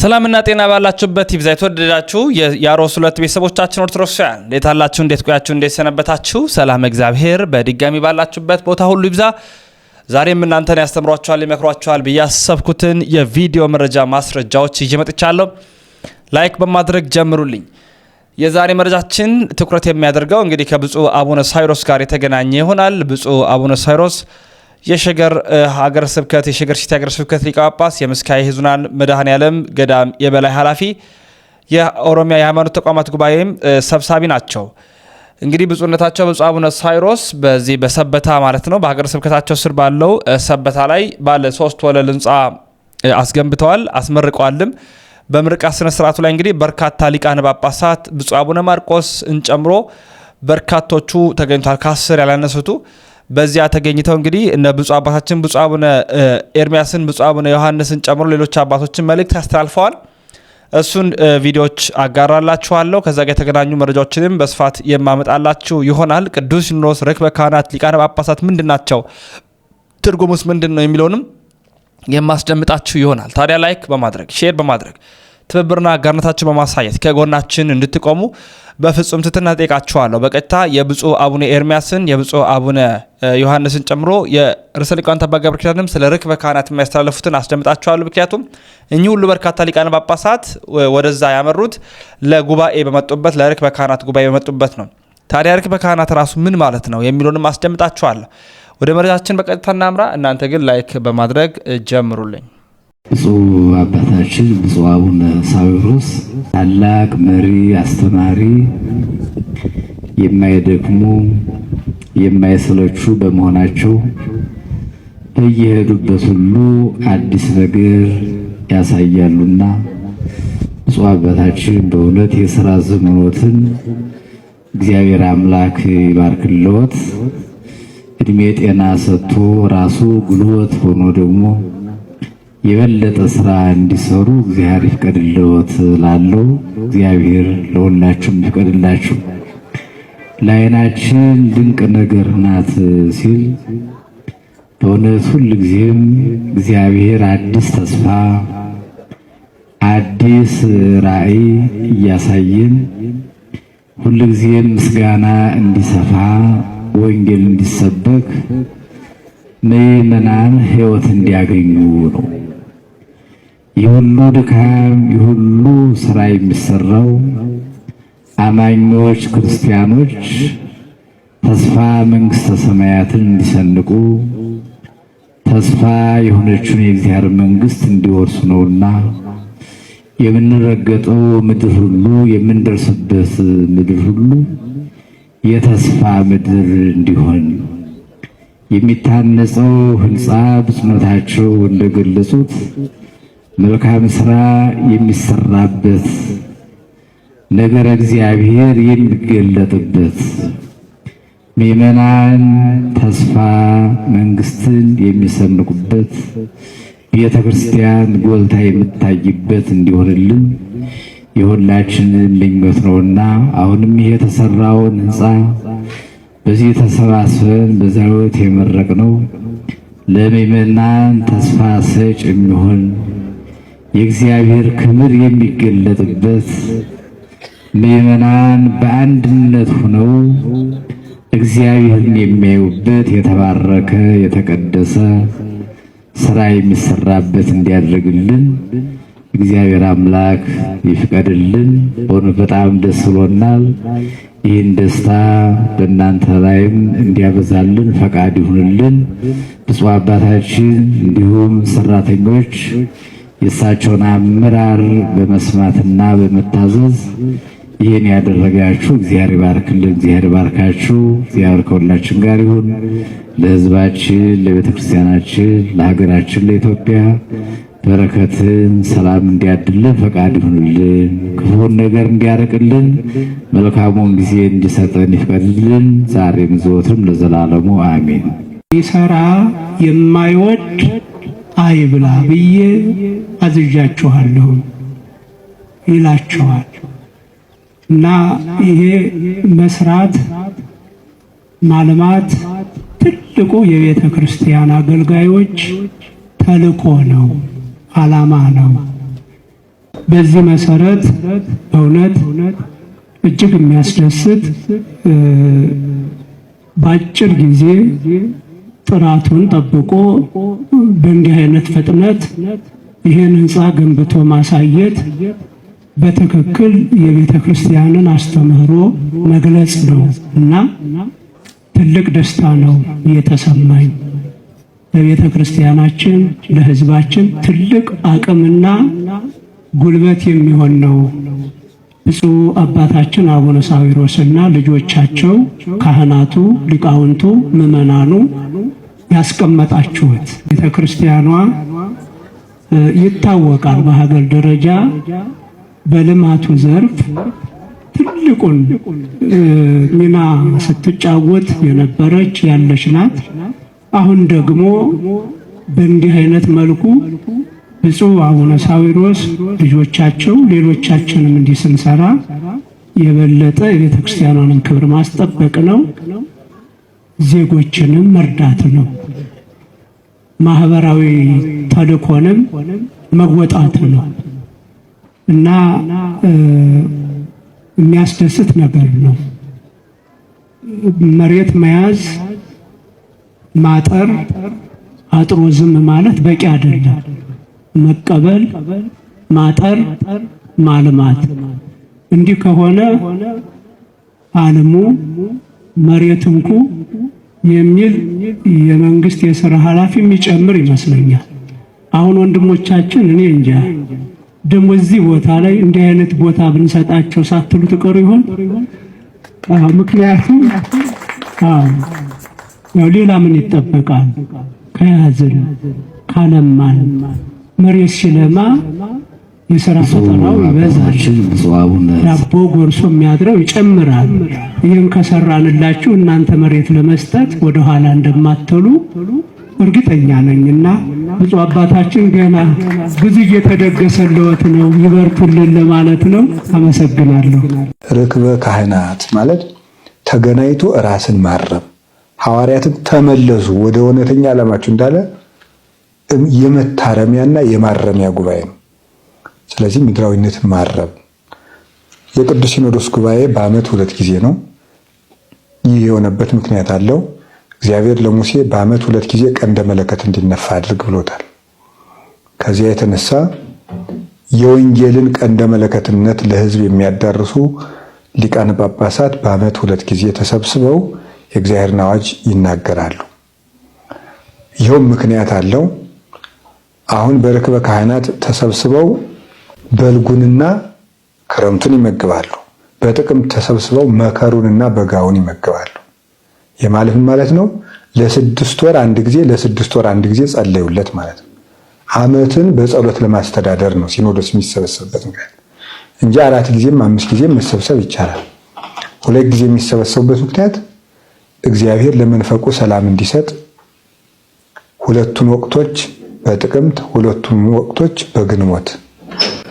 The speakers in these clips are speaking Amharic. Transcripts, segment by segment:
ሰላምና ጤና ባላችሁበት ይብዛ። የተወደዳችሁ የያሮስ ሁለት ቤተሰቦቻችን ኦርቶዶክሳውያን እንዴት አላችሁ? እንዴት ቆያችሁ? እንዴት ሰነበታችሁ? ሰላም እግዚአብሔር በድጋሚ ባላችሁበት ቦታ ሁሉ ይብዛ። ዛሬም እናንተን ያስተምሯችኋል፣ ይመክሯችኋል ብዬ ያሰብኩትን የቪዲዮ መረጃ ማስረጃዎች ይዤ መጥቻለሁ። ላይክ በማድረግ ጀምሩልኝ። የዛሬ መረጃችን ትኩረት የሚያደርገው እንግዲህ ከብፁዕ አቡነ ሳይሮስ ጋር የተገናኘ ይሆናል። ብፁዕ አቡነ ሳይሮስ የሸገር ሀገር ስብከት የሸገር ሲቲ ሀገር ስብከት ሊቀ ጳጳስ፣ የምስካየ ሕዙናን መድኃኔ ዓለም ገዳም የበላይ ኃላፊ፣ የኦሮሚያ የሃይማኖት ተቋማት ጉባኤም ሰብሳቢ ናቸው። እንግዲህ ብፁዕነታቸው ብፁዕ አቡነ ሳይሮስ በዚህ በሰበታ ማለት ነው በሀገር ስብከታቸው ስር ባለው ሰበታ ላይ ባለ ሶስት ወለል ህንፃ አስገንብተዋል፣ አስመርቀዋልም። በምርቃት ስነ ስርዓቱ ላይ እንግዲህ በርካታ ሊቃነ ጳጳሳት ብፁዕ አቡነ ማርቆስን ጨምሮ በርካቶቹ ተገኝቷል። ከአስር ያላነሱቱ በዚያ ተገኝተው እንግዲህ እነ ብፁ አባታችን ብፁ አቡነ ኤርሚያስን ብፁ አቡነ ዮሐንስን ጨምሮ ሌሎች አባቶችን መልእክት አስተላልፈዋል። እሱን ቪዲዮዎች አጋራላችኋለሁ። ከዛ ጋር የተገናኙ መረጃዎችንም በስፋት የማመጣላችሁ ይሆናል። ቅዱስ ሲኖዶስ ርክበ ካህናት ሊቃነ ጳጳሳት ምንድን ናቸው? ትርጉሙስ ምንድን ነው? የሚለውንም የማስደምጣችሁ ይሆናል። ታዲያ ላይክ በማድረግ ሼር በማድረግ ትብብርና አጋርነታችን በማሳየት ከጎናችን እንድትቆሙ በፍጹም ትትና ጠይቃችኋለሁ። በቀጥታ የብፁዕ አቡነ ኤርሚያስን የብፁዕ አቡነ ዮሐንስን ጨምሮ የርዕሰ ሊቃውንት አባ ገብረ ኪዳንም ስለ ርክበ ካህናት የሚያስተላለፉትን አስደምጣችኋለሁ። ምክንያቱም እኚህ ሁሉ በርካታ ሊቃነ ጳጳሳት ወደዛ ያመሩት ለጉባኤ በመጡበት ለርክበ ካህናት ጉባኤ በመጡበት ነው። ታዲያ ርክበ ካህናት ራሱ ምን ማለት ነው የሚለውንም አስደምጣችኋለሁ። ወደ መረጃችን በቀጥታ እናምራ። እናንተ ግን ላይክ በማድረግ ጀምሩልኝ። ብፁዕ አባታችን ብፁዕ አቡነ ሳዊሮስ ታላቅ መሪ፣ አስተማሪ፣ የማይደክሙ የማይሰለቹ በመሆናቸው በየሄዱበት ሁሉ አዲስ ነገር ያሳያሉና ብፁዕ አባታችን በእውነት የሥራ ዘመኖትን እግዚአብሔር አምላክ ይባርክልዎት፣ እድሜ ጤና ሰጥቶ ራሱ ጉልበት ሆኖ ደግሞ የበለጠ ስራ እንዲሰሩ እግዚአብሔር ይፍቀድልዎት ላለው እግዚአብሔር ለሁላችሁም ይፍቀድላችሁ። ለአይናችን ድንቅ ነገር ናት ሲል በእውነት ጊዜም እግዚአብሔር አዲስ ተስፋ አዲስ ራእይ እያሳየን ጊዜም ምስጋና እንዲሰፋ ወንጌል እንዲሰበክ ምዕመናን ሕይወት እንዲያገኙ ነው። የሁሉ ድካም የሁሉ ስራ የሚሰራው አማኞች ክርስቲያኖች ተስፋ መንግስተ ሰማያትን እንዲሰንቁ ተስፋ የሆነችውን የእግዚአብሔር መንግስት እንዲወርሱ ነውና የምንረገጠው ምድር ሁሉ የምንደርስበት ምድር ሁሉ የተስፋ ምድር እንዲሆን የሚታነጸው ህንፃ ብፁዕነታቸው እንደገለጹት መልካም ስራ የሚሰራበት ነገር እግዚአብሔር የሚገለጥበት ምእመናን ተስፋ መንግስትን የሚሰንቁበት ቤተ ክርስቲያን ጎልታ የምታይበት እንዲሆንልን የሁላችንን ምኞት ነውና አሁንም ይሄ የተሰራውን ህንፃ በዚህ ተሰባስበን በዛሬው የመረቅ ነው ለምእመናን ተስፋ ሰጭ የሚሆን የእግዚአብሔር ክብር የሚገለጥበት ምእመናን በአንድነት ሆነው እግዚአብሔርን የሚያዩበት የተባረከ የተቀደሰ ስራ የሚሰራበት እንዲያደርግልን እግዚአብሔር አምላክ ይፍቀድልን። በእውነት በጣም ደስ ብሎናል። ይህን ደስታ በእናንተ ላይም እንዲያበዛልን ፈቃድ ይሁንልን። ብፁዕ አባታችን እንዲሁም ሰራተኞች የእሳቸውን አመራር በመስማትና በመታዘዝ ይህን ያደረጋችሁ እግዚአብሔር ይባርክልን፣ እግዚአብሔር ባርካችሁ እግዚአብሔር ከሁላችን ጋር ይሁን። ለሕዝባችን፣ ለቤተክርስቲያናችን ለሀገራችን፣ ለኢትዮጵያ በረከትን ሰላም እንዲያድልን ፈቃድ ይሁንልን። ክፉን ነገር እንዲያርቅልን መልካሙን ጊዜ እንዲሰጠን ይፈቅድልን። ዛሬም ዘወትርም ለዘላለሙ አሜን። ይሰራ የማይወድ አይብላ ብዬ አዝዣችኋለሁ ይላቸዋል። እና ይሄ መስራት ማልማት ትልቁ የቤተ ክርስቲያን አገልጋዮች ተልእኮ ነው፣ ዓላማ ነው። በዚህ መሰረት በእውነት እጅግ የሚያስደስት በአጭር ጊዜ ጥራቱን ጠብቆ በእንዲህ አይነት ፍጥነት ይህን ህንፃ ገንብቶ ማሳየት በትክክል የቤተ ክርስቲያንን አስተምህሮ መግለጽ ነው እና ትልቅ ደስታ ነው የተሰማኝ። ለቤተ ክርስቲያናችን ለህዝባችን ትልቅ አቅምና ጉልበት የሚሆን ነው። ብፁዕ አባታችን አቡነ ሳዊሮስና ልጆቻቸው ካህናቱ፣ ሊቃውንቱ፣ ምዕመናኑ ያስቀመጣችሁት ቤተ ክርስቲያኗ ይታወቃል በሀገር ደረጃ በልማቱ ዘርፍ ትልቁን ሚና ስትጫወት የነበረች ያለች ናት። አሁን ደግሞ በእንዲህ አይነት መልኩ ብፁዕ አቡነ ሳዊሮስ ልጆቻቸው ሌሎቻችንም እንዲህ ስንሰራ የበለጠ የቤተ ክርስቲያኗንም ክብር ማስጠበቅ ነው፣ ዜጎችንም መርዳት ነው፣ ማህበራዊ ተልእኮንም መወጣት ነው እና የሚያስደስት ነገር ነው። መሬት መያዝ ማጠር አጥሮ ዝም ማለት በቂ አይደለም። መቀበል፣ ማጠር፣ ማልማት። እንዲህ ከሆነ አልሙ መሬት እንኩ የሚል የመንግስት የስራ ኃላፊ የሚጨምር ይመስለኛል። አሁን ወንድሞቻችን እኔ እንጃ ደግሞ እዚህ ቦታ ላይ እንዲህ አይነት ቦታ ብንሰጣቸው ሳትሉ ትቀሩ ይሆን? ምክንያቱም ያው ሌላ ምን ይጠበቃል ከያዝን ካለማን መሬት ሲለማ የሥራ ፈጠራው ይበዛል፣ ዳቦ ጎርሶ የሚያድረው ይጨምራል። ይህን ከሰራንላችሁ እናንተ መሬት ለመስጠት ወደኋላ እንደማትሉ እርግጠኛ ነኝና ብፁ አባታችን ገና ብዙ እየተደገሰለወት ነው። ይበርቱልን ለማለት ነው። አመሰግናለሁ። ርክበ ካህናት ማለት ተገናኝቶ ራስን ማረም ሐዋርያትን ተመለሱ ወደ እውነተኛ ዓላማችሁ እንዳለ የመታረሚያና የማረሚያ ጉባኤ ነው። ስለዚህ ምድራዊነትን ማረም የቅዱስ ሲኖዶስ ጉባኤ በዓመት ሁለት ጊዜ ነው። ይህ የሆነበት ምክንያት አለው። እግዚአብሔር ለሙሴ በዓመት ሁለት ጊዜ ቀንደ መለከት እንዲነፋ አድርግ ብሎታል። ከዚያ የተነሳ የወንጌልን ቀንደ መለከትነት ለሕዝብ የሚያዳርሱ ሊቃነ ጳጳሳት በዓመት ሁለት ጊዜ ተሰብስበው የእግዚአብሔርን አዋጅ ይናገራሉ። ይኸውም ምክንያት አለው። አሁን በርክበ ካህናት ተሰብስበው በልጉንና ክረምቱን ይመግባሉ። በጥቅምት ተሰብስበው መከሩንና በጋውን ይመግባሉ። የማለፍ ማለት ነው። ለስድስት ወር አንድ ጊዜ ለስድስት ወር አንድ ጊዜ ጸለዩለት ማለት ነው። ዓመትን በጸሎት ለማስተዳደር ነው ሲኖዶስ የሚሰበሰብበት ምክንያት እንጂ አራት ጊዜም አምስት ጊዜም መሰብሰብ ይቻላል። ሁለት ጊዜ የሚሰበሰቡበት ምክንያት እግዚአብሔር ለመንፈቁ ሰላም እንዲሰጥ ሁለቱን ወቅቶች በጥቅምት ሁለቱም ወቅቶች በግንቦት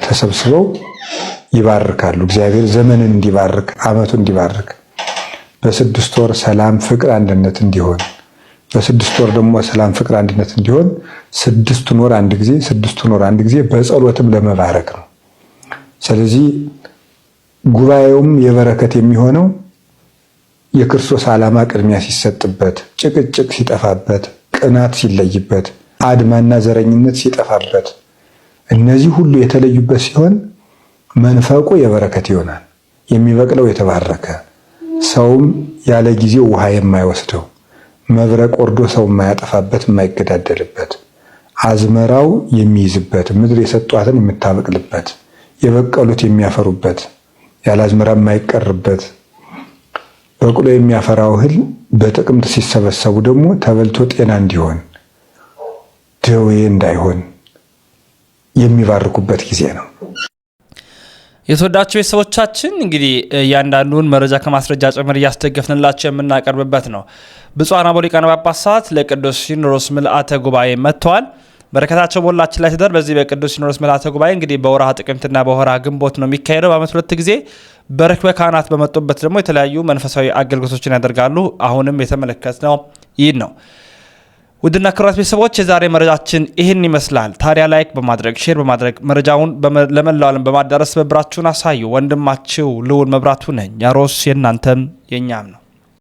ተሰብስበው ይባርካሉ። እግዚአብሔር ዘመንን እንዲባርክ ዓመቱ እንዲባርክ በስድስት ወር ሰላም፣ ፍቅር፣ አንድነት እንዲሆን በስድስት ወር ደግሞ ሰላም፣ ፍቅር፣ አንድነት እንዲሆን ስድስቱን ወር አንድ ጊዜ ስድስቱን ወር አንድ ጊዜ በጸሎትም ለመባረክ ነው። ስለዚህ ጉባኤውም የበረከት የሚሆነው የክርስቶስ ዓላማ ቅድሚያ ሲሰጥበት፣ ጭቅጭቅ ሲጠፋበት፣ ቅናት ሲለይበት አድማና ዘረኝነት ሲጠፋበት እነዚህ ሁሉ የተለዩበት ሲሆን መንፈቁ የበረከት ይሆናል። የሚበቅለው የተባረከ ሰውም ያለ ጊዜው ውሃ የማይወስደው መብረቅ ወርዶ ሰው የማያጠፋበት የማይገዳደልበት አዝመራው የሚይዝበት ምድር የሰጧትን የምታበቅልበት የበቀሉት የሚያፈሩበት ያለ አዝመራ የማይቀርበት በቅሎ የሚያፈራው እህል በጥቅምት ሲሰበሰቡ ደግሞ ተበልቶ ጤና እንዲሆን ደዌ እንዳይሆን የሚባርኩበት ጊዜ ነው። የተወዳቸው ቤተሰቦቻችን እንግዲህ እያንዳንዱን መረጃ ከማስረጃ ጭምር እያስደገፍንላቸው የምናቀርብበት ነው። ብፁዓን አበው ሊቃነ ጳጳሳት ለቅዱስ ሲኖዶስ ምልአተ ጉባኤ መጥተዋል። በረከታቸው በሁላችን ላይ ትደር። በዚህ በቅዱስ ሲኖዶስ ምልአተ ጉባኤ እንግዲህ በወርሃ ጥቅምትና በወርሃ ግንቦት ነው የሚካሄደው። በአመት ሁለት ጊዜ በርክበ ካህናት በመጡበት ደግሞ የተለያዩ መንፈሳዊ አገልግሎቶችን ያደርጋሉ። አሁንም የተመለከትነው ይህ ነው። ውድና ክብራት ቤተሰቦች የዛሬ መረጃችን ይህን ይመስላል። ታዲያ ላይክ በማድረግ ሼር በማድረግ መረጃውን ለመላው ዓለም በማዳረስ ትብብራችሁን አሳዩ። ወንድማችሁ ልውን መብራቱ ነኝ። ያሮስ የእናንተም የእኛም ነው።